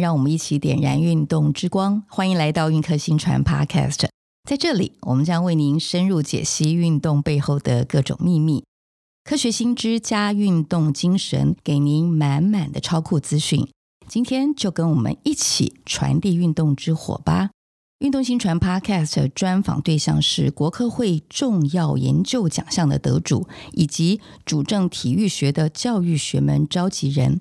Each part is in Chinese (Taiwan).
讓我們一起點燃運動之光，歡迎來到運科薪傳 Podcast。在這裡，我們將為您深入解析運動背後的各種秘密，科學新知加運動精神，給您滿滿的超酷資訊。今天就跟我們一起傳遞運動之火吧！運動薪傳 Podcast 專訪對象是國科會重要研究獎項的得主，以及主政體育學的教育學門召集人。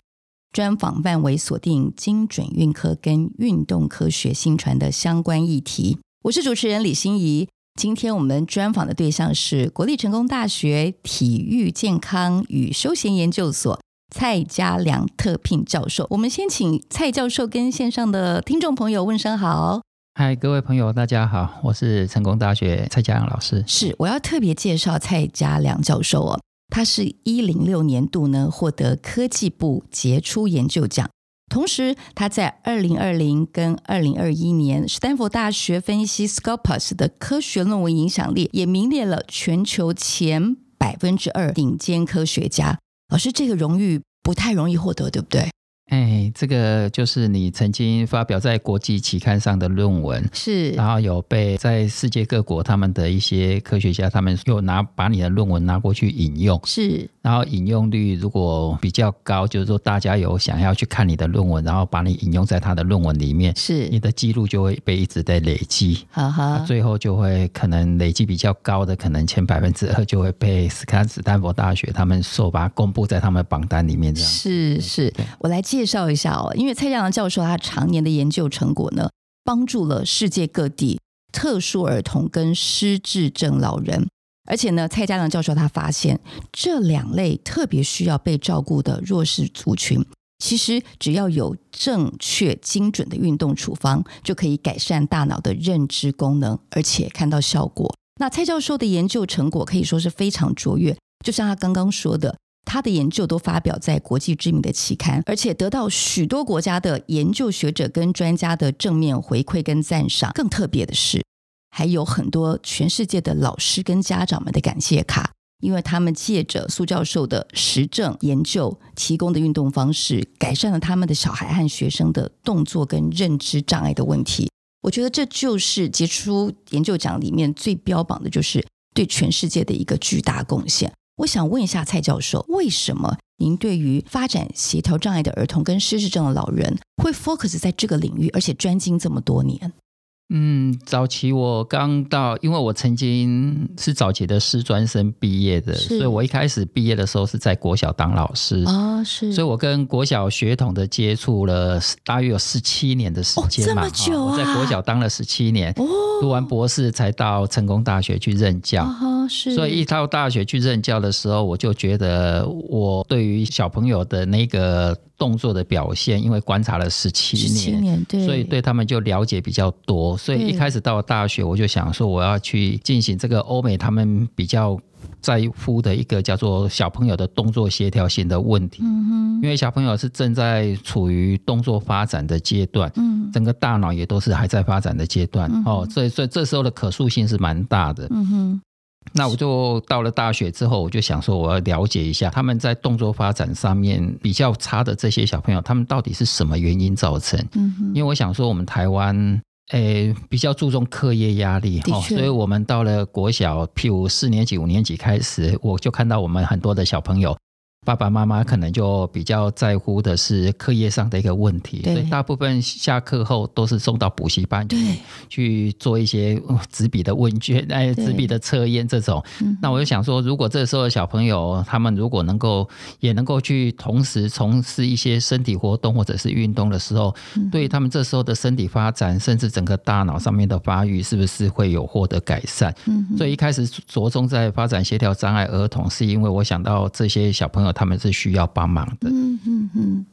專訪範圍鎖定精準運科跟運動科學薪傳的相關議題。我是主持人李心怡。今天我們專訪的對象是國立成功大學體育健康與休閒研究所蔡佳良特聘教授。我們先請蔡教授跟線上的聽眾朋友問聲好。嗨，各位朋友，大家好，我是成功大學蔡佳良老師。是，我要特別介紹蔡佳良教授哦。他是一零六年度呢獲得科技部傑出研究獎，同時他在二零二零跟二零二一年，史丹佛大學分析 Scopus 的科學論文影響力，也名列了全球前百分之二頂尖科學家。老師，這個榮譽不太容易獲得，對不對？哎，這個就是你曾經發表在國際期刊上的論文，是，然後有被在世界各國他們的一些科學家，他們又拿，把你的論文拿過去引用，是。然後引用率如果比較高，就是說大家有想要去看你的論文，然後把你引用在他的論文裡面，是你的記錄就會被一直在累積，哈、啊、哈。最後就會可能累積比較高的，可能前百分之二就會被斯坦斯坦福大學他們說把他公布在他們的榜單裡面，這樣。是是，我來介紹一下哦，因為蔡佳良教授他常年的研究成果呢，幫助了世界各地特殊兒童跟失智症老人。而且呢，蔡佳良教授他發現這兩類特別需要被照顧的弱勢族群，其實只要有正確精準的運動處方，就可以改善大腦的認知功能，而且看到效果。那蔡教授的研究成果可以說是非常卓越，就像他剛剛說的，他的研究都發表在國際知名的期刊，而且得到許多國家的研究學者跟專家的正面回饋跟讚賞。更特別的是。還有很多全世界的老師跟家長們的感謝卡，因為他們借着蘇教授的實證研究提供的運動方式，改善了他們的小孩和學生的動作跟認知障礙的問題。我覺得這就是傑出研究獎裡面最標榜的，就是對全世界的一個巨大貢獻。我想問一下蔡教授，為什麼您對於發展協調障礙的兒童跟失智症的老人會 focus 在這個領域，而且專精這麼多年？嗯，早期我剛到，因為我曾經是早期的師專生畢業的，所以我一開始畢業的時候是在國小當老師啊、哦，是，所以我跟國小學童的接觸了大約有十七年的時間嘛，哈、哦，這麼久啊哦、我在國小當了十七年、哦，讀完博士才到成功大學去任教。哦，是，所以一到大學去任教的時候，我就覺得我對於小朋友的那個。動作的表現，因為觀察了十七年，十七年，對，所以對他們就了解比較多。所以一開始到了大學，我就想說我要去進行這個歐美他們比較在乎的一個叫做小朋友的動作協調性的問題、嗯哼。因為小朋友是正在處於動作發展的階段、嗯，整個大腦也都是還在發展的階段、嗯，哦，所以所以這時候的可塑性是蠻大的。嗯哼那我就到了大學之後，我就想說，我要了解一下他們在動作發展上面比較差的這些小朋友，他們到底是什麼原因造成？嗯哼，因為我想說，我們台灣誒、欸、比較注重課業壓力，的確，哦、所以我們到了國小，譬如四年級、五年級開始，我就看到我們很多的小朋友。爸爸媽媽可能就比較在乎的是課業上的一個問題，對，所以大部分下課後都是送到補習班去去做一些紙筆的問卷、哎紙筆的測驗這種。那我就想說，如果這時候的小朋友他們如果能夠、嗯、也能夠去同時從事一些身體活動或者是運動的時候，嗯、對他們這時候的身體發展，甚至整個大腦上面的發育，嗯、是不是會有獲得改善、嗯？所以一開始着重在發展協調障礙兒童，是因為我想到這些小朋友。他們是需要幫忙的。嗯嗯嗯，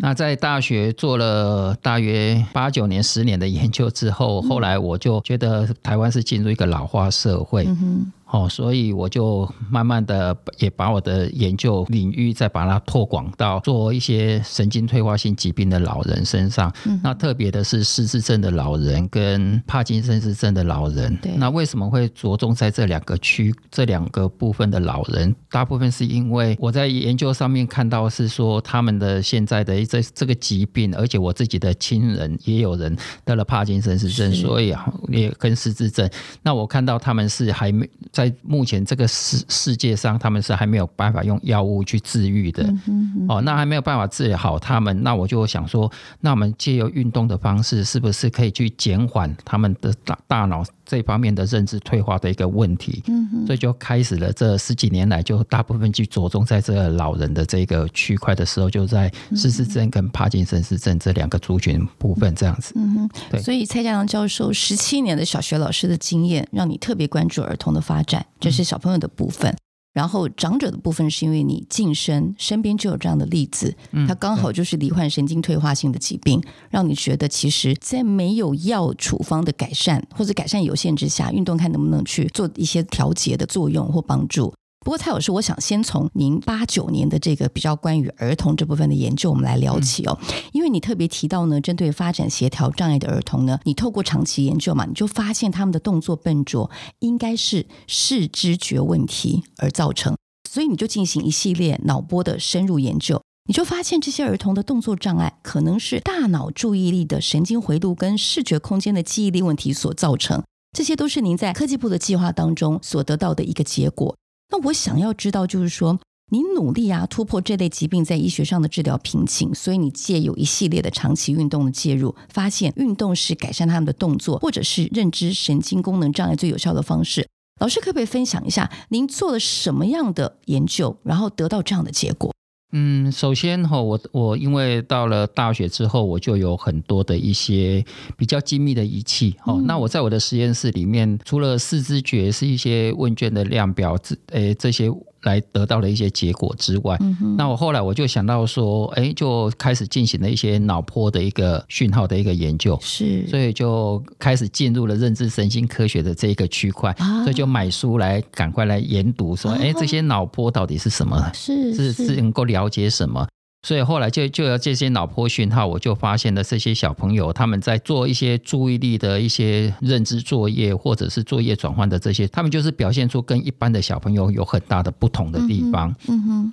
那在大學做了大約八九年、十年的研究之後，嗯，後來我就覺得台灣是進入一個老化社會。嗯哦，所以我就慢慢的也把我的研究領域再把它拓廣到做一些神經退化性疾病的老人身上。嗯、那特別的是失智症的老人跟帕金森氏症的老人。對。那為什麼會着重在這兩個區、這兩個部分的老人？大部分是因為我在研究上面看到是說他們的現在的一這這個疾病，而且我自己的親人也有人得了帕金森氏症，所以啊，也跟失智症。那我看到他們是還沒。在目前這個世世界上，他們是還沒有辦法用藥物去治癒的，嗯嗯，哦，那還沒有辦法治好他們，那我就想說，那我們借由運動的方式，是不是可以去減緩他們的大大腦？這方面的認知退化的一個問題，嗯，所以就開始了這十幾年來，就大部分去着重在這個老人的這個區塊的時候，就在失智症跟帕金森氏症這兩個族群部分這樣子，嗯哼，對。所以蔡佳良教授十七年的小學老師的經驗，讓你特別關注兒童的發展，這，就是小朋友的部分。嗯然後長者的部分是因為你近身身邊就有這樣的例子，他剛好就是罹患神經退化性的疾病，讓你覺得其實在沒有藥處方的改善或者改善有限之下，運動看能不能去做一些調節的作用或幫助。不過蔡老師，我想先從您八九年的這個比較關於兒童這部分的研究，我們來聊起哦。因為你特別提到呢，針對發展協調障礙的兒童呢，你透過長期研究嘛，你就發現他們的動作笨拙應該是視知覺問題而造成，所以你就進行一系列腦波的深入研究，你就發現這些兒童的動作障礙可能是大腦注意力的神經回路跟視覺空間的記憶力問題所造成，這些都是您在科技部的計劃當中所得到的一個結果。那我想要知道，就是說，你努力啊，突破這類疾病在醫學上的治療瓶頸，所以你藉由一系列的長期運動的介入，發現運動是改善他們的動作或者是認知神經功能障礙最有效的方式。老師，可不可以分享一下，您做了什麼樣的研究，然後得到這樣的結果？嗯，首先哈，我我因為到了大學之後，我就有很多的一些比較精密的儀器哈、嗯。那我在我的實驗室裡面，除了視知覺是一些問卷的量表，這、欸、誒這些。來得到了一些結果之外，嗯、那我後來我就想到說，哎，就開始進行了一些腦波的一個訊號的一個研究，是，所以就開始進入了認知神經科學的這一個區塊、啊，所以就買書來趕快來研讀，說，哎、啊，這些腦波到底是什麼？啊、是是是，是能夠了解什麼？所以後來就就有這些腦波訊號，我就發現了這些小朋友他們在做一些注意力的一些認知作業，或者是作業轉換的這些，他們就是表現出跟一般的小朋友有很大的不同的地方。嗯哼。嗯哼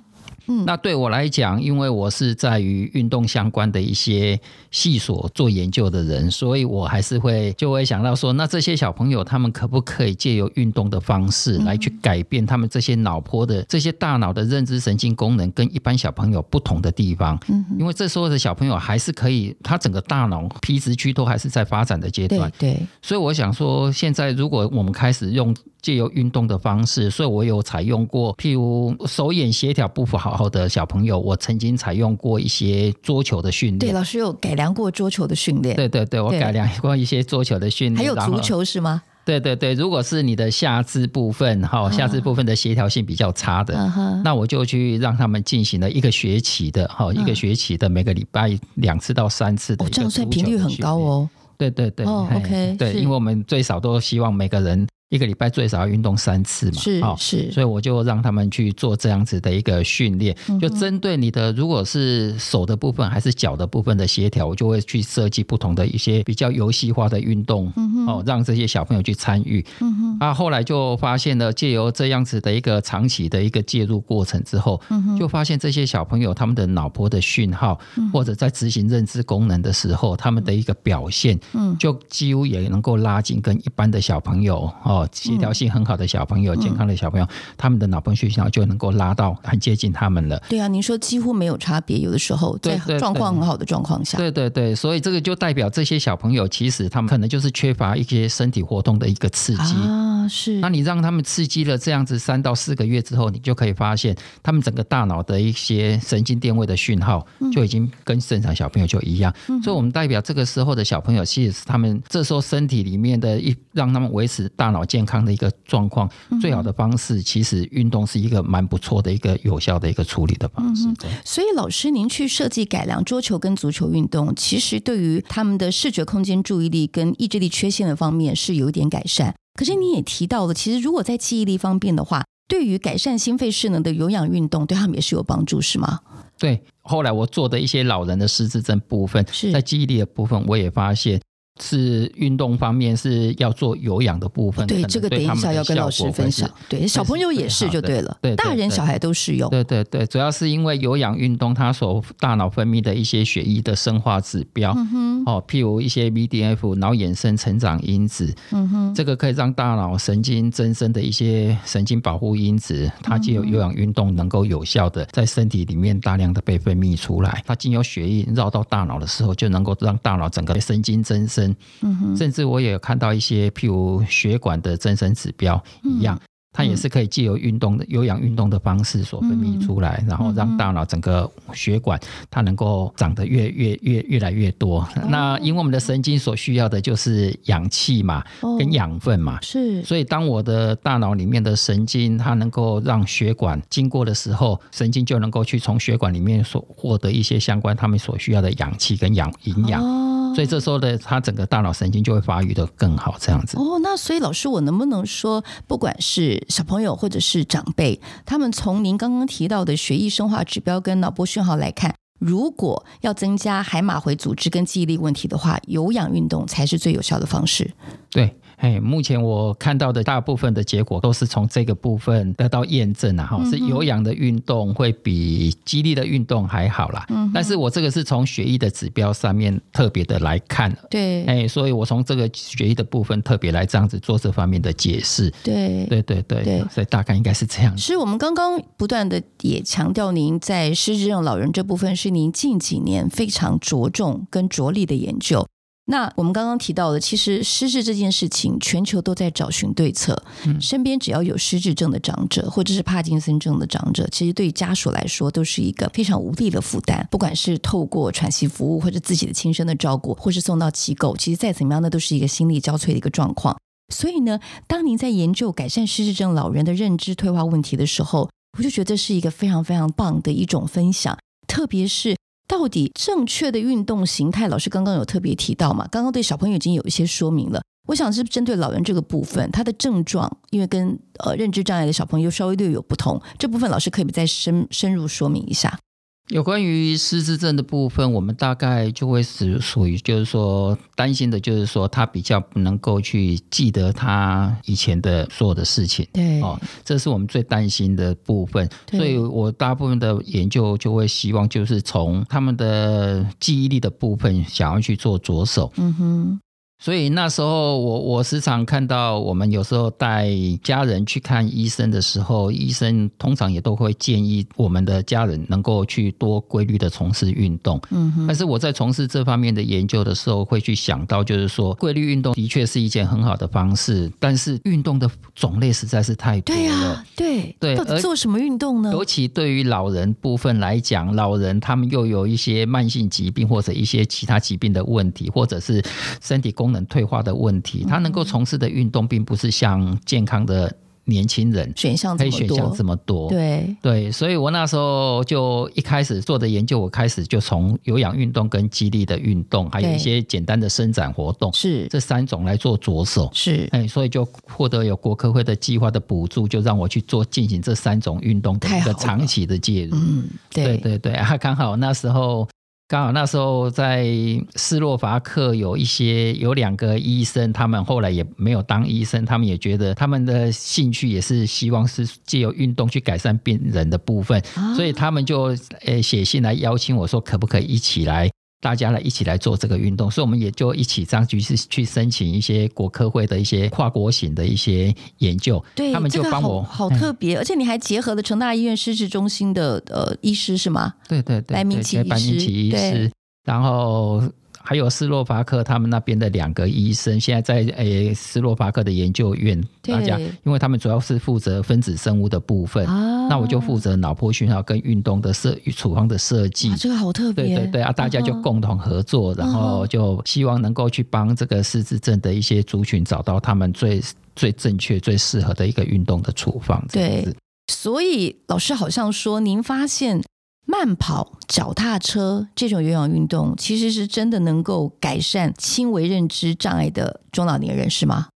那對我來講，因為我是在於運動相關的一些系所做研究的人，所以我還是會就會想到說，那這些小朋友他們可不可以借由運動的方式來去改變他們這些腦波的這些大腦的認知神經功能，跟一般小朋友不同的地方？嗯，因為這時候的小朋友還是可以，他整個大腦皮質區都還是在發展的階段。對對，所以我想說，現在如果我們開始用借由運動的方式，所以我有採用過，譬如手眼協調不好。後的小朋友，我曾經採用過一些桌球的訓練。對，老師有改良過桌球的訓練。對對對，對，我改良過一些桌球的訓練，還有足球是嗎？對對對，如果是你的下肢部分，哈、啊，下肢部分的協調性比較差的、啊，那我就去讓他們進行了一個學期的，哈、啊，一個學期的，每個禮拜兩次到三次的的，的、哦，這樣算頻率很高哦。對對對，對、哦、OK，對，因為我們最少都希望每個人，一個禮拜最少要運動三次嘛，是是、哦，所以我就讓他們去做這樣子的一個訓練，嗯、就針對你的如果是手的部分還是腳的部分的協調，我就會去設計不同的一些比較遊戲化的運動，嗯、哦，讓這些小朋友去參與，嗯、啊，後來就發現了借由這樣子的一個長期的一個介入過程之後，嗯、就發現這些小朋友他們的腦波的訊號、嗯，或者在執行認知功能的時候，他們的一個表現，嗯、就幾乎也能夠拉近跟一般的小朋友，哦。協調性很好的小朋友，嗯、健康的小朋友，嗯、他們的腦部訊號就能夠拉到很接近他們了。對啊，您說幾乎沒有差別，有的時候在狀況很好的狀況下，對對對，對對對，所以這個就代表這些小朋友其實他們可能就是缺乏一些身體活動的一個刺激啊。是，那你讓他們刺激了這樣子三到四個月之後，你就可以發現他們整個大腦的一些神經電位的訊號就已經跟正常小朋友就一樣。嗯、所以我們代表這個時候的小朋友，其實是他們這時候身體裡面的一。讓他們維持大腦健康的一個狀況，嗯、最好的方式其實運動是一個蠻不錯的一個有效的一個處理的方式。對，嗯、所以老師您去設計改良桌球跟足球運動，其實對於他們的視覺空間注意力跟意志力缺陷的方面是有一點改善。可是你也提到了，其實如果在記憶力方面的話，對於改善心肺適能的有氧運動，對他們也是有幫助，是嗎？對，後來我做的一些老人的失智症部分是，在記憶力的部分，我也發現。是運動方面是要做有氧的部分的，對，對這個等一下要跟老師分享。對，小朋友也是就對了，對，對對大人小孩都適用。對對對，對，對，對，主要是因為有氧運動，它所大腦分泌的一些血液的生化指標，嗯哼，哦，譬如一些 BDNF 腦衍生成長因子，嗯哼，這個可以讓大腦神經增生的一些神經保護因子，它經由，有氧運動能夠有效的在身體裡面大量的被分泌出來，它經由血液繞到大腦的時候，就能夠讓大腦整個神經增生。嗯哼，甚至我也有看到一些，譬如血管的增生指標一樣，嗯，它也是可以借由運動的有氧運動的方式所分泌出來，嗯，然後讓大腦整個血管它能夠長得越越越越來越多，哦。那因為我們的神經所需要的就是氧氣嘛，哦，跟養分嘛，是。所以當我的大腦裡面的神經它能夠讓血管經過的時候，神經就能夠去從血管裡面所獲得一些相關他們所需要的氧氣跟養營養。哦所以這時候的他整個大腦神經就會發育得更好，這樣子。哦、oh，那所以老師，我能不能說，不管是小朋友或者是長輩，他們從您剛剛提到的血液生化指標跟腦波訊號來看，如果要增加海馬迴組織跟記憶力問題的話，有氧運動才是最有效的方式。對。哎，目前我看到的大部分的結果都是從這個部分得到驗證了、啊、哈、嗯，是有氧的運動會比肌力的運動還好啦。嗯，但是我這個是從血液的指標上面特別的來看。對，哎，所以我從這個血液的部分特別來這樣子做這方面的解釋。對，對對對。對，所以大概應該是這樣。其實我們剛剛不斷的也強調，您在失智症老人這部分是您近幾年非常着重跟着力的研究。那我們剛剛提到的，其實失智這件事情，全球都在找尋對策。嗯。身邊只要有失智症的長者，或者是帕金森症的長者，其實對家屬來說都是一個非常無力的負擔。不管是透過喘息服務，或者自己的親身的照顧，或者是送到機構，其實再怎麼樣的都是一個心力交瘁的一個狀況。所以呢，當您在研究改善失智症老人的認知退化問題的時候，我就覺得是一個非常非常棒的一種分享，特別是。到底正確的運動形態，老師剛剛有特別提到嘛？剛剛對小朋友已經有一些說明了，我想是針對老人這個部分，他的症狀，因為跟呃認知障礙的小朋友稍微略有不同，這部分老師可以再深深入說明一下。有關於失智症的部分，我們大概就會是屬於，就是說擔心的，就是說他比較不能夠去記得他以前的所有的事情，對，哦，這是我們最擔心的部分，所以我大部分的研究就會希望就是從他們的記憶力的部分想要去做着手，嗯哼。所以那時候我，我我時常看到，我們有時候帶家人去看醫生的時候，醫生通常也都會建議我們的家人能夠去多規律的從事運動。嗯哼，但是我在從事這方面的研究的時候，會去想到，就是說，規律運動的確是一件很好的方式，但是運動的種類實在是太多了。對啊，對對，到底做什麼運動呢？尤其對於老人部分來講，老人他們又有一些慢性疾病或者一些其他疾病的問題，或者是身體功。功能退化的問題，他能夠從事的運動並不是像健康的年輕人，嗯、選項可以選項這麼多。對對，所以我那時候就一開始做的研究，我開始就從有氧運動、跟肌力的運動，還有一些簡單的伸展活動，是這三種來做着手。是，哎、欸，所以就獲得有國科會的計劃的補助，就讓我去做進行這三種運動的一個長期的介入。嗯對，對對對啊，剛好那時候。剛好那時候在斯洛伐克有一些，有兩個醫生，他們後來也沒有當醫生，他們也覺得他們的興趣也是希望是借由運動去改善病人的部分，啊、所以他們就呃寫信來邀請我說可不可以一起來。大家來一起來做這個運動，所以我們也就一起這樣去申請一些國科會的一些跨國型的一些研究，對，他們就幫我、這個、好，好特別、嗯，而且你還結合了成大醫院失智中心的呃醫師是嗎？對對對，白明奇醫師，對對對白明奇醫師然後。還有斯洛伐克，他們那邊的兩個醫生現在在誒斯洛伐克的研究院對，大家，因為他們主要是負責分子生物的部分、啊、那我就負責腦波訊號跟運動的設與處方的設計、啊，這個好特別，對對對啊，大家就共同合作、嗯，然後就希望能夠去幫這個失智症的一些族群找到他們最最正確、最適合的一個運動的處方。這樣子對，所以老師好像說，您發現。慢跑、腳踏車這種有氧運動，其實是真的能夠改善輕微認知障礙的中老年人，是嗎？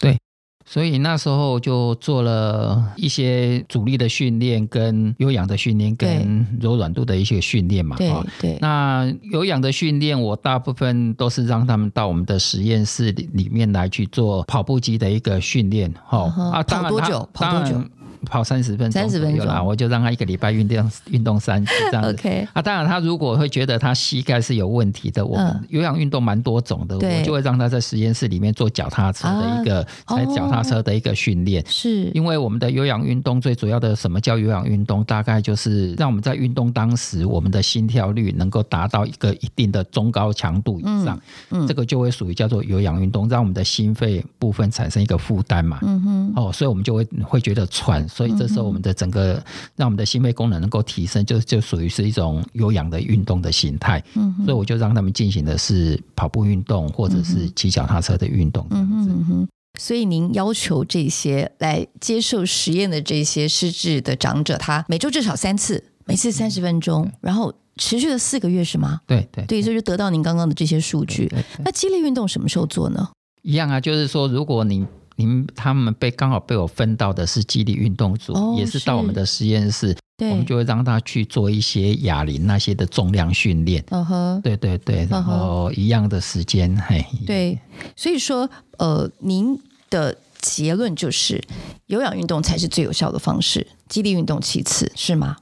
對，所以那時候就做了一些阻力的訓練、跟有氧的訓練、跟柔軟度的一些訓練嘛。對對，對。那有氧的訓練，我大部分都是讓他們到我們的實驗室裡面來去做跑步機的一個訓練。好、uh -huh, 啊，跑多久？跑多久？跑三十分鐘左右啦，我就讓他一個禮拜運動運動三次這樣子、 okay. 啊。當然，他如果會覺得他膝蓋是有問題的，我們有氧運動蠻多種的，嗯、我們就會讓他在實驗室裡面做腳踏車的一個、啊、踩腳踏車的一個訓練、哦。是因為我們的有氧運動最主要的，什麼叫有氧運動？大概就是讓我們在運動當時，我們的心跳率能夠達到一個一定的中高強度以上，嗯，嗯，這個就會屬於叫做有氧運動，讓我們的心肺部分產生一個負擔嘛，嗯哼，哦，所以我們就會會覺得喘。所以這時候，我們的整個讓我們的心肺功能能夠提升就，就就屬於是一種有氧的運動的形態。嗯，所以我就讓他們進行的是跑步運動或者是騎腳踏車的運動。嗯嗯嗯。所以您要求這些來接受實驗的這些失智的長者，他每週至少三次，每次三十分鐘、嗯，然後持續了四個月，是嗎？對對，對，對，所以就得到您剛剛的這些數據。那激烈運動什麼時候做呢？一樣啊，就是說如果你。您他們被剛好被我分到的是肌力運動組，哦，也是到我們的實驗室。對，我們就會讓他去做一些啞鈴那些的重量訓練。嗯、哦、哼，對對對，然後一樣的時間，哦，嘿。對，所以說，呃，您的結論就是有氧運動才是最有效的方式，肌力運動其次是嗎？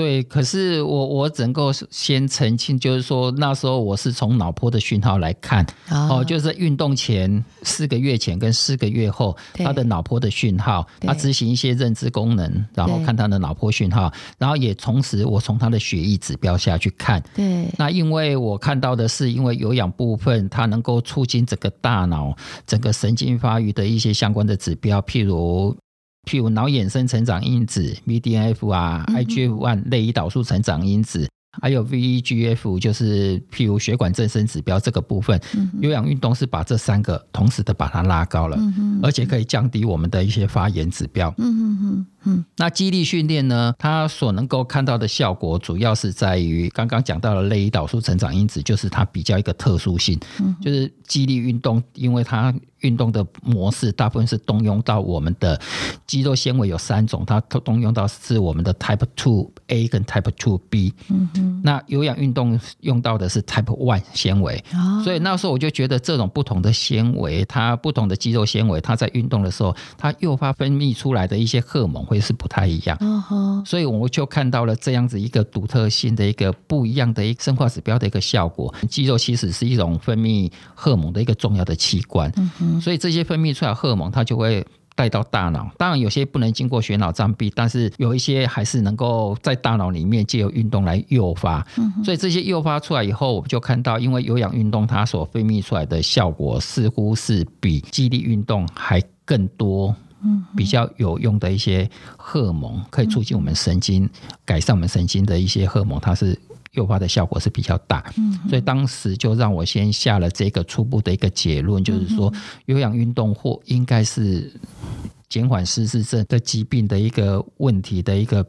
對，可是我我只能夠先澄清，就是說那時候我是從腦波的訊號來看，哦、啊呃，就是運動前四個月前跟四個月後，他的腦波的訊號，他執行一些認知功能，然後看他的腦波訊號，然後也同時我從他的血液指標下去看，對，那因為我看到的是，因為有氧部分它能夠促進整個大腦整個神經發育的一些相關的指標，譬如。譬如腦衍生成長因子 BDNF 啊、嗯、IGF1 類胰島素成長因子，還有 VEGF 就是譬如血管增生指標這個部分，嗯、有氧運動是把這三個同時的把它拉高了、嗯，而且可以降低我們的一些發炎指標，嗯嗯嗯嗯。那肌力訓練呢，它所能夠看到的效果主要是在於剛剛講到的類胰島素成長因子，就是它比較一個特殊性，嗯、就是肌力運動，因為它。運動的模式大部分是動用到我們的肌肉纖維有三種，它動用到是我們的 Type Two A 跟 Type Two B。嗯。那有氧運動用到的是 Type One 纖維，所以那時候我就覺得這種不同的纖維，它不同的肌肉纖維，它在運動的時候，它誘發分泌出來的一些荷爾蒙會是不太一樣。哦。所以我們就看到了這樣子一個獨特性的一個不一樣的一個生化指標的一個效果。肌肉其實是一種分泌荷爾蒙的一個重要的器官。嗯。所以這些分泌出來的荷爾蒙，它就會帶到大腦。當然有些不能經過血腦障壁，但是有一些還是能夠在大腦裡面借由運動來誘發。嗯、所以這些誘發出來以後，我們就看到，因為有氧運動它所分泌出來的效果，似乎是比肌力運動還更多，嗯，比較有用的一些荷爾蒙，可以促進我們神經、嗯、改善我們神經的一些荷爾蒙，它是。誘發的效果是比較大，嗯，所以當時就讓我先下了這個初步的一個結論，嗯，就是說有氧運動或應該是減緩失智症的疾病的一個問題的一個。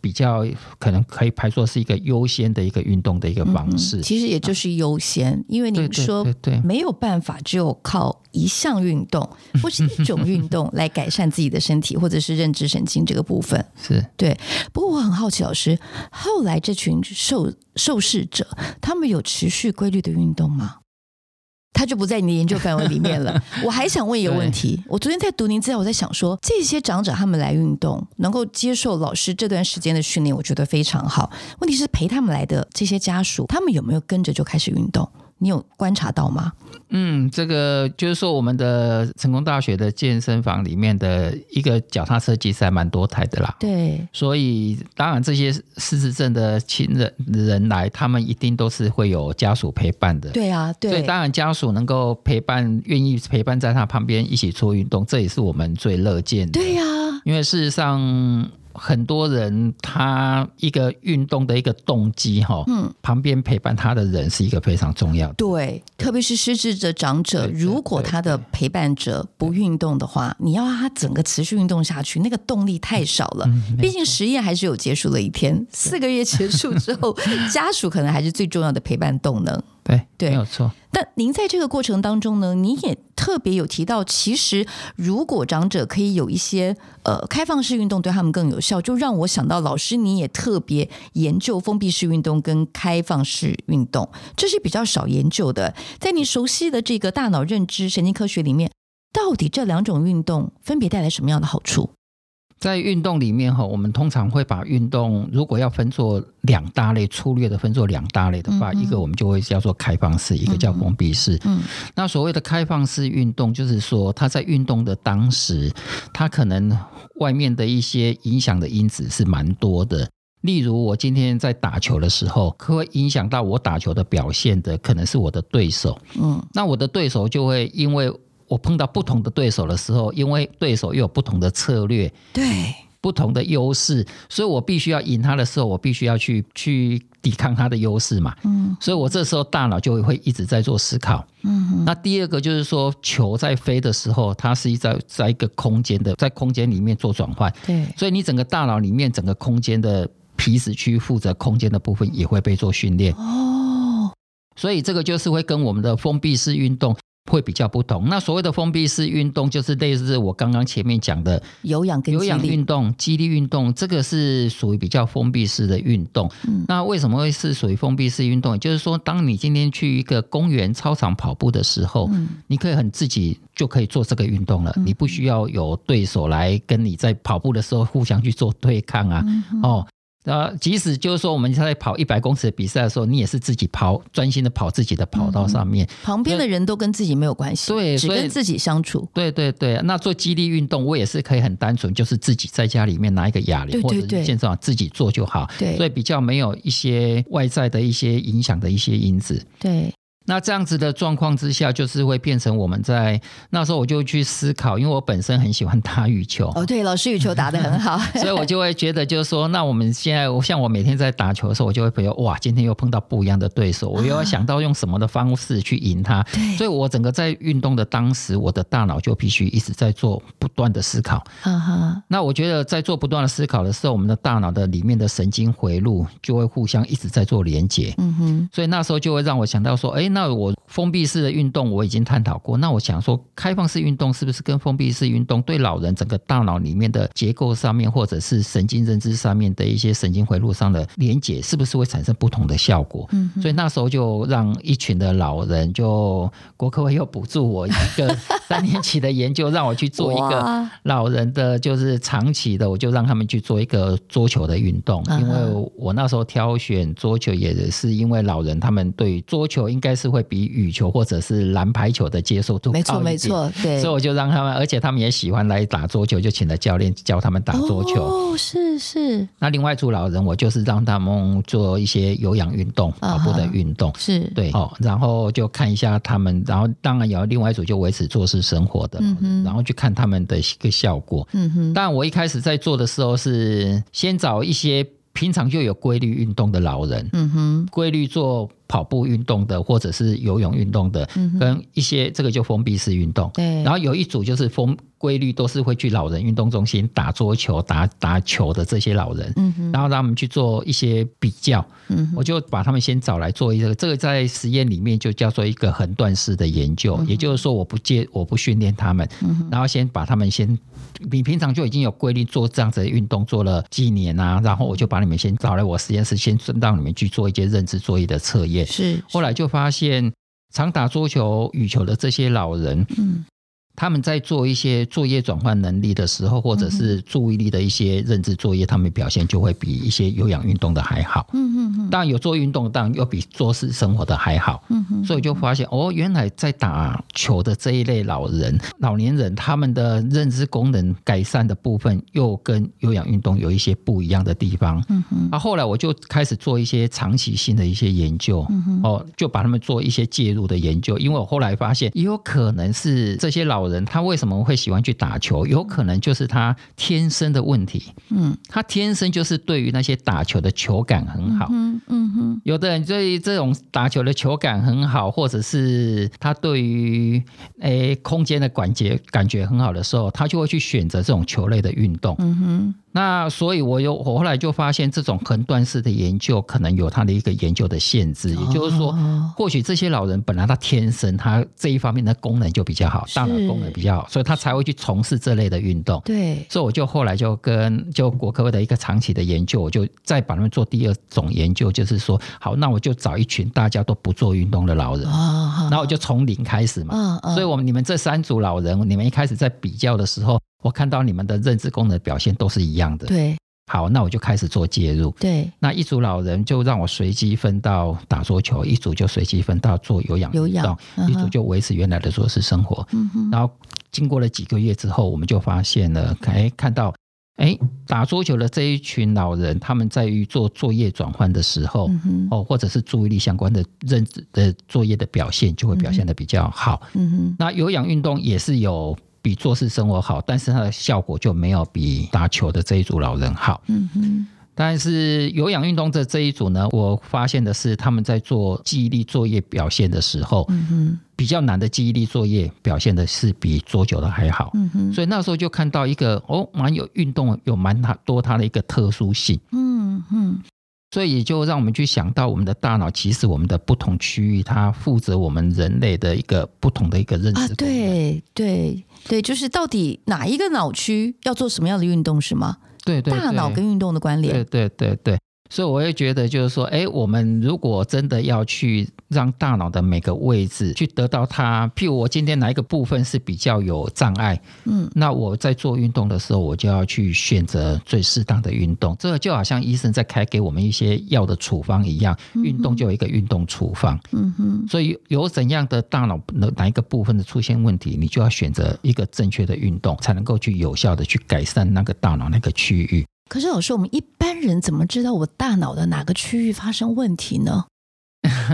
比較可能可以排除是一個優先的一個運動的一個方式，嗯嗯，其實也就是優先、啊，因為你說對，沒有辦法，只有靠一項運動，對對對對，或是一種運動來改善自己的身體 或者是認知神經這個部分是對。不過我很好奇，老師後來這群受受試者，他們有持續規律的運動嗎？他就不在你的研究範圍裡面了。 我還想問一個問題，我昨天在讀您資料，我在想說，這些長者他們來運動，能夠接受老師這段時間的訓練，我覺得非常好。問題是陪他們來的這些家屬，他們有沒有跟着就開始運動？你有觀察到嗎？嗯，這個就是說，我們的成功大學的健身房裡面的一個腳踏車其實還蠻多台的啦。對，所以當然這些失智症的親人人來，他們一定都是會有家屬陪伴的。對啊，對，所以當然家屬能夠陪伴，願意陪伴在他旁邊一起做運動，這也是我們最樂見的。對呀、啊，因為事實上。很多人他一個運動的一個動機哈、哦，嗯，旁邊陪伴他的人是一個非常重要的，對，對特別是失智者、長者，如果他的陪伴者不運動的話，你要讓他整個持續運動下去，那個動力太少了。嗯、畢竟實驗還是有結束的一天，四個月結束之後， 家屬可能還是最重要的陪伴動能。對，對，沒有錯。但您在這個過程當中呢，您也特別有提到，其實如果長者可以有一些呃開放式運動，對他們更有效，就讓我想到老師，你也特別研究封閉式運動跟開放式運動，這是比較少研究的。在你熟悉的這個大腦認知神經科學裡面，到底這兩種運動分別帶來什麼樣的好處？在運動裡面哈，我們通常會把運動如果要分作兩大類，粗略的分作兩大類的話，嗯嗯，一個我們就會叫做開放式，一個叫封閉式。嗯，嗯，那所謂的開放式運動，就是說它在運動的當時，它可能外面的一些影響的因子是蠻多的。例如，我今天在打球的時候，會影響到我打球的表現的，可能是我的對手。嗯，那我的對手就會因為。我碰到不同的對手的時候，因為對手又有不同的策略，對，不同的優勢，所以我必須要贏他的時候，我必須要去去抵抗他的優勢嘛。嗯，所以我這時候大腦就會一直在做思考。嗯，那第二個就是說，球在飛的時候，它是在在一個空間的，在空間裡面做轉換。對，所以你整個大腦裡面，整個空間的皮質區負責空間的部分也會被做訓練。哦，所以這個就是會跟我們的封閉式運動會比較不同。那所謂的封閉式運動，就是類似我剛剛前面講的有氧跟有氧運動、肌力運動，這個是屬於比較封閉式的運動。嗯、那為什麼會是屬於封閉式運動？就是說，當你今天去一個公園、操場跑步的時候、嗯，你可以很自己就可以做這個運動了、嗯，你不需要有對手來跟你在跑步的時候互相去做對抗啊，嗯、哦。啊，即使就是說我們在跑一百公尺的比賽的時候，你也是自己跑，專心的跑自己的跑道上面，嗯、旁邊的人都跟自己沒有關係，對，所以，只跟自己相處。對對對，那做肌力運動，我也是可以很單純，就是自己在家裡面拿一個啞鈴或者健身房自己做就好，對，對，對，所以比較沒有一些外在的一些影響的一些因子，對。那這樣子的狀況之下，就是會變成我們在那時候我就去思考，因為我本身很喜歡打羽球哦，對，老師羽球打得很好， 所以我就會覺得就是說，那我們現在像我每天在打球的時候，我就會朋友哇，今天又碰到不一樣的對手，我又要想到用什麼的方式去贏他，哦。所以我整個在運動的當時，我的大腦就必須一直在做不斷的思考。哈、嗯、哈，那我覺得在做不斷的思考的時候，我們的大腦的裡面的神經迴路就會互相一直在做連接。嗯哼，所以那時候就會讓我想到說，哎、欸。那我封閉式的運動我已經探討過，那我想說，開放式運動是不是跟封閉式運動對老人整個大腦裡面的結構上面，或者是神經認知上面的一些神經回路上的連接，是不是會產生不同的效果？嗯，所以那時候就讓一群的老人就，就國科會又補助我一個三年期的研究， 讓我去做一個老人的，就是長期的，我就讓他們去做一個桌球的運動，因為我那時候挑選桌球也是因為老人他們對桌球應該是。是會比羽球或者是籃排球的接受度高一點，沒錯，沒錯，對。所以我就讓他們，而且他們也喜歡來打桌球，就請了教練教練教他們打桌球。哦，是是。那另外一組老人，我就是讓他們做一些有氧運動、跑步的運動，是對。哦，然後就看一下他們，然後當然有另外一組就維持坐式生活的，嗯，然後去看他們的一個效果，嗯哼。但我一開始在做的時候是先找一些。平常就有規律運動的老人，嗯哼，規律做跑步運動的，或者是游泳運動的，嗯，跟一些這個就封閉式運動，對，然後有一組就是封。規律都是會去老人運動中心打桌球、打打球的這些老人，嗯，然後讓他們去做一些比較，嗯，我就把他們先找來做一個，這個在實驗裡面就叫做一個橫斷式的研究，嗯，也就是說我不接我不訓練他們，嗯，然後先把他們先，你平，平常就已經有規律做這樣子的運動做了幾年啊，然後我就把你們先找來我實驗室，先讓你們去做一些認知作業的測驗，是，是後來就發現常打桌球、羽球的這些老人，嗯他們在做一些作業轉換能力的時候，或者是注意力的一些認知作業，嗯、他們表現就會比一些有氧運動的還好。嗯嗯嗯。當然有做運動，當然又比做事生活的還好。嗯嗯。所以就發現哦，原來在打球的這一類老人、老年人，他們的認知功能改善的部分，又跟有氧運動有一些不一樣的地方。嗯嗯。啊，後來我就開始做一些長期性的一些研究、嗯。哦，就把他們做一些介入的研究，因為我後來發現，也有可能是這些老。人他為什麼會喜歡去打球？有可能就是他天生的問題。嗯，他天生就是對於那些打球的球感很好。嗯哼，嗯哼，有的人對於這種打球的球感很好，或者是他對於誒、欸、空間的關節感覺很好的時候，他就會去選擇這種球類的運動。嗯哼。那所以，我有我後來就發現，這種橫斷式的研究可能有它的一個研究的限制，也就是說，或許這些老人本來他天生他這一方面的功能就比較好，大腦功能比較好，所以他才會去從事這類的運動。對，所以我就後來就跟就國科會的一個長期的研究，我就再把他們做第二種研究，就是說，好，那我就找一群大家都不做運動的老人，然後我就從零開始嘛。所以，我們你們這三組老人，你們一開始在比較的時候。我看到你們的認知功能表現都是一樣的。對，好，那我就開始做介入。對，那一組老人就讓我隨機分到打桌球，一組就隨機分到做有氧運動有氧。嗯哼、一組就維持原來的坐式生活。嗯哼，然後經過了幾個月之後，我們就發現了，哎，看到，哎，打桌球的這一群老人，他們在於做作業轉換的時候、嗯哼，哦，或者是注意力相關的認知的作業的表現，就會表現得比較好。嗯哼，那有氧運動也是有。比坐式生活好，但是它的效果就沒有比打球的這一組老人好。嗯哼，但是有氧運動的這一組呢，我發現的是他們在做記憶力作業表現的時候，嗯哼，比較難的記憶力作業表現的是比坐久的還好。嗯哼，所以那時候就看到一個哦，蠻有運動有蠻多它的一個特殊性。嗯哼。所以就讓我們去想到，我們的大腦其實我們的不同區域，它負責我們人類的一個不同的一個認知。啊，對對對，就是到底哪一個腦區要做什麼樣的運動，是嗎？對，對對，大腦跟運動的關聯。對對對對，對。所以，我也覺得就是說，哎，我們如果真的要去讓大腦的每個位置去得到它，譬如我今天哪一個部分是比較有障礙，嗯，那我在做運動的時候，我就要去選擇最適當的運動。這個就好像醫生在開給我們一些藥的處方一樣，運動就有一個運動處方，嗯嗯。所以，有怎樣的大腦的哪一個部分的出現問題，你就要選擇一個正確的運動，才能夠去有效的去改善那個大腦那個區域。可是老師，我們一般人怎麼知道我大腦的哪個區域發生問題呢？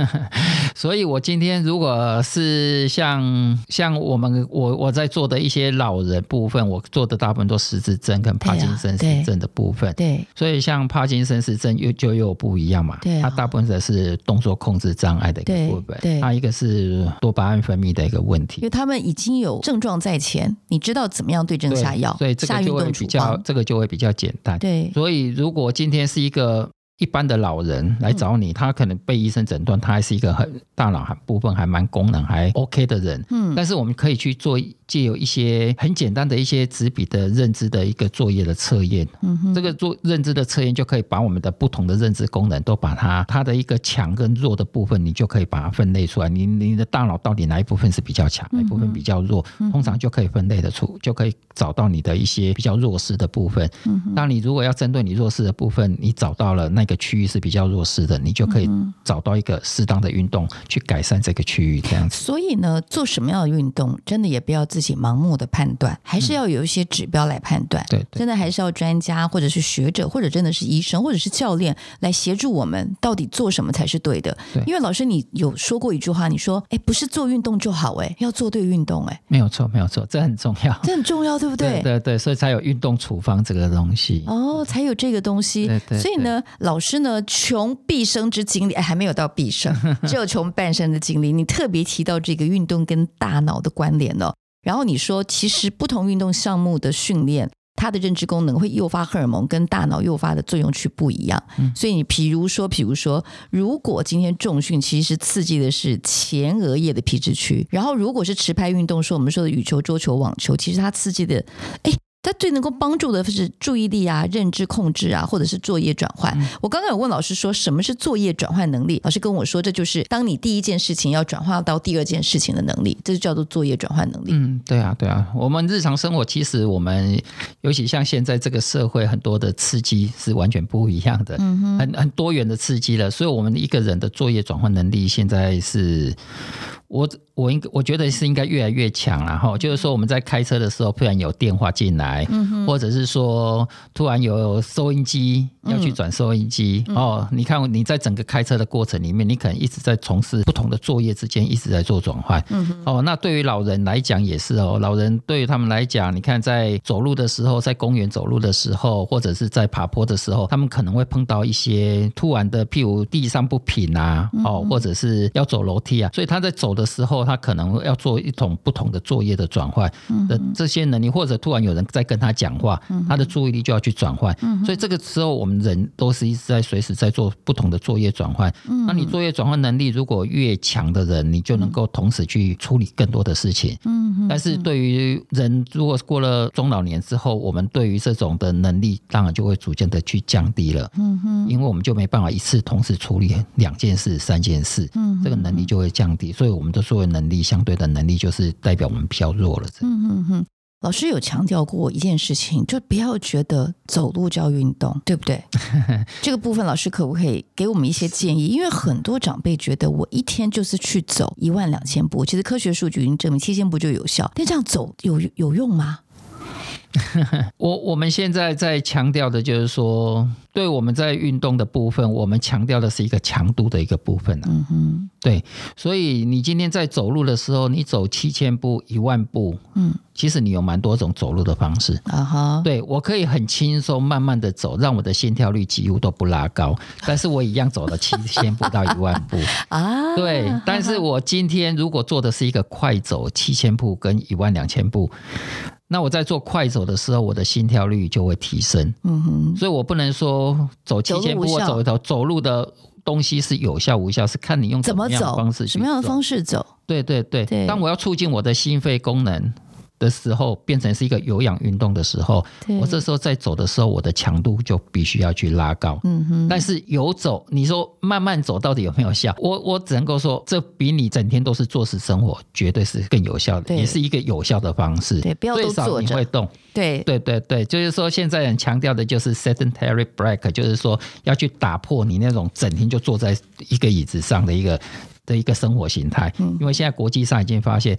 所以，我今天如果是像像我們我我在做的一些老人部分，我做的大部分都失智症跟帕金森氏症的部分對、啊。對，所以像帕金森氏症又就又不一樣嘛。對、啊，它大部分的是動作控制障礙的一個部分對。對，它一個是多巴胺分泌的一個問題。因為他們已經有症狀在前，你知道怎麼樣對症下藥，所以下運動處方這個,就、這個就會比較，這個就會比較簡單。對，所以如果今天是一個。一般的老人來找你，他可能被醫生診斷，嗯，他還是一個很大腦還部分還蠻功能還 OK 的人，嗯，但是我們可以去做。藉由一些很簡單的一些紙筆的認知的一個作業的測驗，嗯哼，這個做認知的測驗就可以把我們的不同的認知功能都把它它的一個強跟弱的部分，你就可以把它分類出來。你你的大腦到底哪一部分是比較強，哪、嗯、一部分比較弱，通常就可以分類得出、嗯，就可以找到你的一些比較弱勢的部分。嗯哼，當你如果要針對你弱勢的部分，你找到了那個區域是比較弱勢的，你就可以找到一個適當的運動去改善這個區域，這樣子、嗯。所以呢，做什麼樣的運動，真的也不要自。自己盲目的判斷，還是要有一些指標來判斷。嗯、對，對，真的還是要專家或者是學者，或者真的是醫生，或者是教練來協助我們，到底做什麼才是對的。對，因為老師你有說過一句話，你說：“哎，不是做運動就好，哎，要做對運動。”哎，沒有錯，沒有錯，這很重要，這很重要，對不對？對對，對，所以才有運動處方這個東西。哦，才有這個東西。對對，對。所以呢，老師呢，窮畢生之精力，哎，還沒有到畢生，只有窮半生的精力。 你特別提到這個運動跟大腦的關聯呢、哦？然後你說，其實不同運動項目的訓練，它的認知功能會誘發荷爾蒙跟大腦誘發的作用區不一樣。嗯。所以你比如說，比如說，如果今天重訓，其實刺激的是前額葉的皮質區；然後如果是持拍運動，說我們說的羽球、桌球、網球，其實它刺激的，哎。它最能夠幫助的是注意力啊、認知控制啊，或者是作業轉換、嗯。我剛剛有問老師說什麼是作業轉換能力，老師跟我說，這就是當你第一件事情要轉化到第二件事情的能力，這就叫做作業轉換能力。嗯，對啊，對啊。我們日常生活其實我們尤其像現在這個社會，很多的刺激是完全不一樣的，嗯、很很多元的刺激了。所以，我們一個人的作業轉換能力現在是。我我應我覺得是應該越來越強、啊哦，然後就是說我們在開車的時候突然有電話進來，嗯、哼或者是說突然有收音機要去轉收音機、嗯、哦。你看你在整個開車的過程裡面，你可能一直在從事不同的作業之間一直在做轉換、嗯哼。哦，那對於老人來講也是哦。老人對於他們來講，你看在走路的時候，在公園走路的時候，或者是在爬坡的時候，他們可能會碰到一些突然的，譬如地上不平啊，嗯、哦，或者是要走樓梯啊，所以他在走的的時候，他可能要做一種不同的作業的轉換的這些能力，或者突然有人在跟他講話，他的注意力就要去轉換。所以這個時候，我們人都是一直在隨時在做不同的作業轉換。那你作業轉換能力如果越強的人，你就能夠同時去處理更多的事情。嗯。嗯嗯但是對於人，如果過了中老年之後，我們對於這種的能力，當然就會逐漸的去降低了。嗯哼，因為我們就沒辦法一次同時處理兩件事、三件事。嗯，這個能力就會降低，所以我們的所謂能力相對的能力，就是代表我們比較弱了。嗯哼。老師有強調過一件事情，就不要覺得走路就要運動，對不對？ 這個部分老師可不可以給我們一些建議？因為很多長輩覺得我一天就是去走一萬兩千步，其實科學數據已經證明七千步就有效，但這樣走有有用嗎？ 我我們現在在強調的就是說，對，我們在運動的部分，我們強調的是一個強度的一個部分、啊、嗯哼對，所以你今天在走路的時候，你走七千步、一萬步，嗯，其實你有蠻多種走路的方式啊哈。對，我可以很輕鬆、慢慢的走，讓我的心跳率幾乎都不拉高，但是我一樣走了七千步到一萬步 啊。對，但是我今天如果做的是一個快走，七千步跟一萬兩千步。那我在做快走的時候，我的心跳率就會提升。嗯哼，所以我不能說走七千步，我走，走一條走，走路的東西是有效無效，是看你用怎麼樣方式去，什麼樣的方式走。對對對，當我要促進我的心肺功能。的時候變成是一個有氧運動的時候，我這時候在走的時候，我的強度就必須要去拉高。嗯哼，但是有走，你說慢慢走到底有沒有效？我我只能夠說，這比你整天都是坐式生活絕對是更有效的，也是一個有效的方式。對，不要都坐著。最少你會動，對對對對，就是說現在很強調的就是 sedentary break，就是說要去打破你那種整天就坐在一個椅子上的一個。的一個生活形態，因為現在國際上已經發現，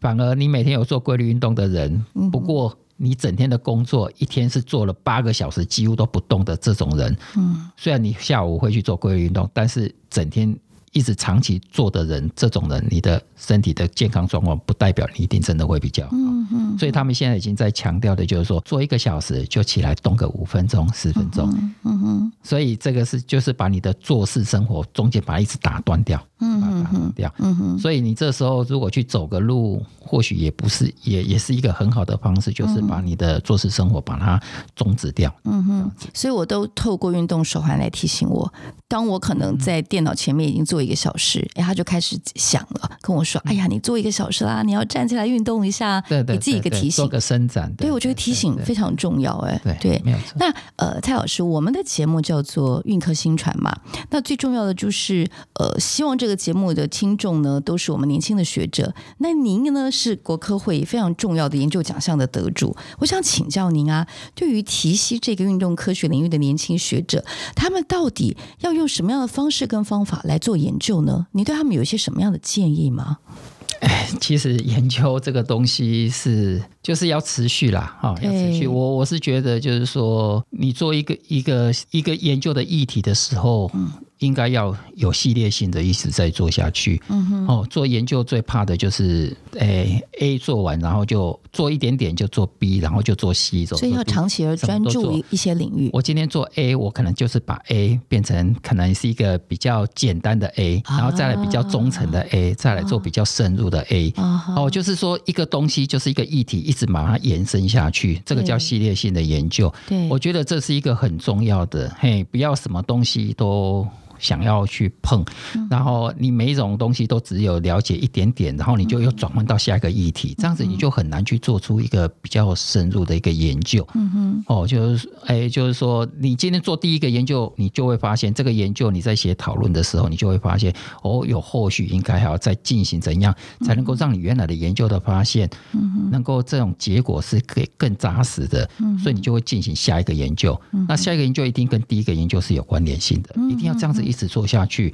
反而你每天有做規律運動的人，不過你整天的工作一天是做了八個小時，幾乎都不動的這種人，嗯，雖然你下午會去做規律運動，但是整天一直長期坐的人，這種人，你的身體的健康狀況不代表你一定真的會比較好，嗯，所以他們現在已經在強調的就是說，做一個小時就起來動個五分鐘、十分鐘，嗯嗯。所以這個是就是把你的做事生活中間把它一直打斷掉，嗯。掉、嗯，嗯哼，所以你這時候如果去走個路，或許也不是，也也是一個很好的方式，就是把你的坐式生活把它終止掉，嗯哼。所以，我都透過運動手環來提醒我。當我可能在電腦前面已經坐一個小時，然、嗯、後、欸、他就開始想了，跟我說：“哎呀，你坐一個小時啦，你要站起來運動一下、嗯，給自己一個提醒，做個伸展。對對對對”對，我覺得提醒非常重要、欸。哎，對，對那呃，蔡老師，我們的節目叫做《運科薪傳》嘛，那最重要的就是呃，希望這個節目的聽眾呢都是我們年輕的學者。那您呢是國科會非常重要的研究獎項的得主，我想請教您啊，對於提攜這個運動科學領域的年輕學者，他們到底要？用什麼樣的方式跟方法來做研究呢？你對他們有一些什麼樣的建議嗎？哎，其實研究這個東西是就是要持續啦，哈，hey，要持續。我我是覺得就是說，你做一個一個一個研究的議題的時候，嗯。應該要有系列性的意思再做下去。嗯哼。哦，做研究最怕的就是誒，A 做完，然後就做一點點，就做 B，然後就做 C、嗯、所以要長期而專注於一些領域。我今天做 A，我可能就是把 A 變成可能是一個比較簡單的 A、啊、然後再來比較忠誠的 A，再來做比較深入的 A。啊啊、哦，就是說一個東西就是一個議題，一直把它延伸下去，嗯、這個叫系列性的研究、哎，對。我覺得這是一個很重要的，嘿，不要什麼東西都。想要去碰，然後你每一種東西都只有了解一點點，然後你就又轉換到下一個議題，這樣子你就很難去做出一個比較深入的一個研究。嗯哦，就是哎，就是說，你今天做第一個研究，你就會發現這個研究你在寫討論的時候，你就會發現哦，有後續應該還要再進行怎樣才能夠讓你原來的研究的發現，嗯能夠這種結果是可以更扎實的，所以你就會進行下一個研究。那下一個研究一定跟第一個研究是有關聯性的，一定要這樣子。一直做下去，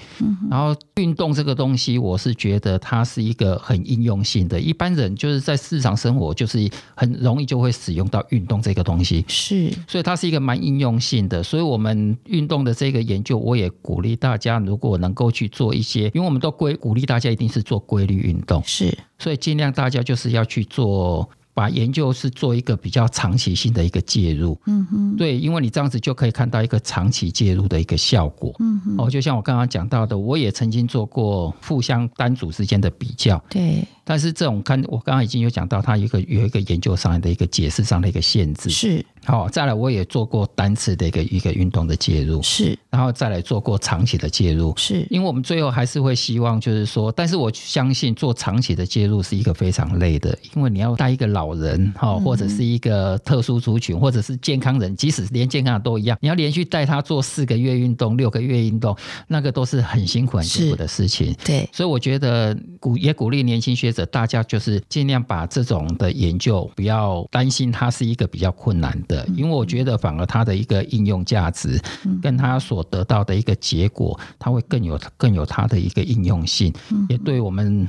然後運動這個東西，我是覺得它是一個很應用性的。一般人就是在日常生活，就是很容易就會使用到運動這個東西，是，所以它是一個蠻應用性的。所以，我們運動的這個研究，我也鼓勵大家，如果能夠去做一些，因為我們都規鼓勵大家一定是做規律運動，是，所以盡量大家就是要去做。把研究是做一個比較長期性的一個介入，嗯哼，對，因為你這樣子就可以看到一個長期介入的一個效果，嗯哼，哦，就像我剛剛講到的，我也曾經做過互相單組之間的比較，對。但是這種看，看我剛剛已經有講到，他一個有一個研究上的一個解釋上的一個限制。是好、哦、再來，我也做過單次的一個一個運動的介入。是，然後再來做過長期的介入。是，因為我們最後還是會希望，就是說，但是我相信做長期的介入是一個非常累的，因為你要帶一個老人，哈、哦，或者是一個特殊族群，或者是健康人，即使連健康人都一樣，你要連續帶他做四個月運動，六個月運動，那個都是很辛苦、很辛苦的事情。對，所以我覺得鼓也鼓勵年輕學。大家就是盡量把這種的研究不要擔心，它是一個比較困難的，因為我覺得反而它的一個應用價值，跟它所得到的一個結果，它會更有更有它的一個應用性，也對我們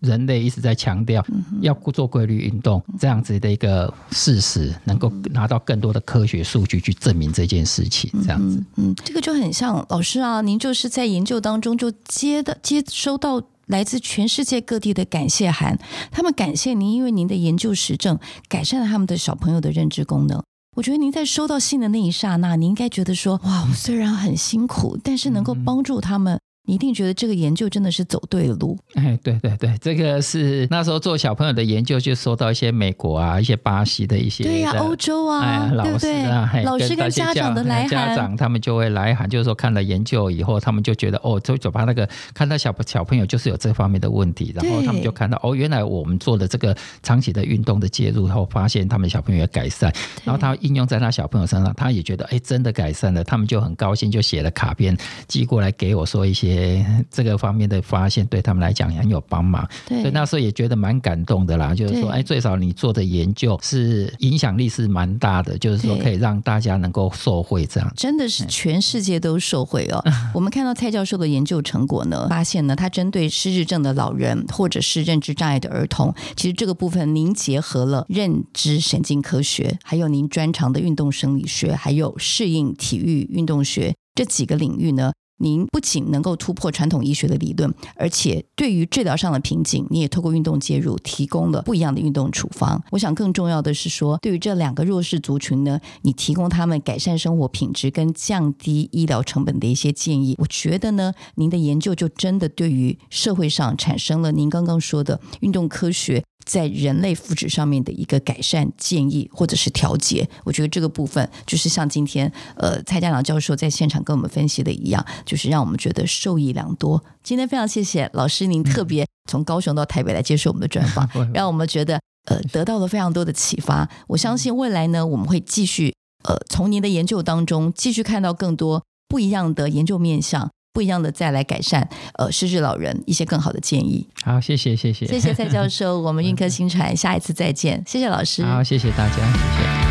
人類一直在強調，要要做規律運動這樣子的一個事實，能夠拿到更多的科學數據去證明這件事情，這樣子，嗯，嗯這個就很像老師啊，您就是在研究當中就接的接收到，來自全世界各地的感謝函，他們感謝您，因為您的研究實證改善了他們的小朋友的認知功能。我覺得您在收到信的那一剎那，您應該覺得說：哇，我雖然很辛苦，但是能夠幫助他們。嗯。你一定覺得這個研究真的是走對了路。哎，對對對，這個是那時候做小朋友的研究，就收到一些美國啊、一些巴西的一些的，對呀、啊，歐洲啊，哎、老師啊，對對老師、跟家長的來函、哎、家長他們就會來函，就是說看了研究以後，他們就覺得哦，就就把那個看到小小朋友就是有這方面的問題，然後他們就看到哦，原來我們做了這個長期的運動的介入後，發現他們小朋友也改善，然後他應用在他小朋友身上，他也覺得哎，真的改善了，他們就很高興，就寫了卡片寄過來給我說一些。這個方面的發現對他們來講也很有幫忙。對，所以那時候也覺得蠻感動的啦。就是說，哎，最少你做的研究是影響力是蠻大的，就是說可以讓大家能夠受惠這樣。真的是全世界都受惠哦。嗯。我們看到蔡教授的研究成果呢，發現呢，他針對失智症的老人或者是認知障礙的兒童，其實這個部分您結合了認知神經科學，還有您專長的運動生理學，還有適應體育運動學這幾個領域呢。您不僅能夠突破傳統醫學的理論，而且對於治療上的瓶頸，你也透過運動介入提供了不一樣的運動處方。我想更重要的是說，對於這兩個弱勢族群呢，你提供他們改善生活品質跟降低醫療成本的一些建議。我覺得呢，您的研究就真的對於社會上產生了您剛剛說的運動科學。在人類福祉上面的一個改善建議或者是調節，我覺得這個部分就是像今天呃蔡佳良教授在現場跟我們分析的一樣，就是讓我們覺得受益良多。今天非常謝謝老師您特別從高雄到台北來接受我們的專訪，讓我們覺得呃得到了非常多的啟發。我相信未來呢，我們會繼續呃從您的研究當中繼續看到更多不一樣的研究面向。不一樣的，再來改善，呃，失智老人一些更好的建議。好，謝謝，謝謝，謝謝蔡教授。 我們運科薪傳，下一次再見。謝謝老師，好，謝謝大家，謝謝。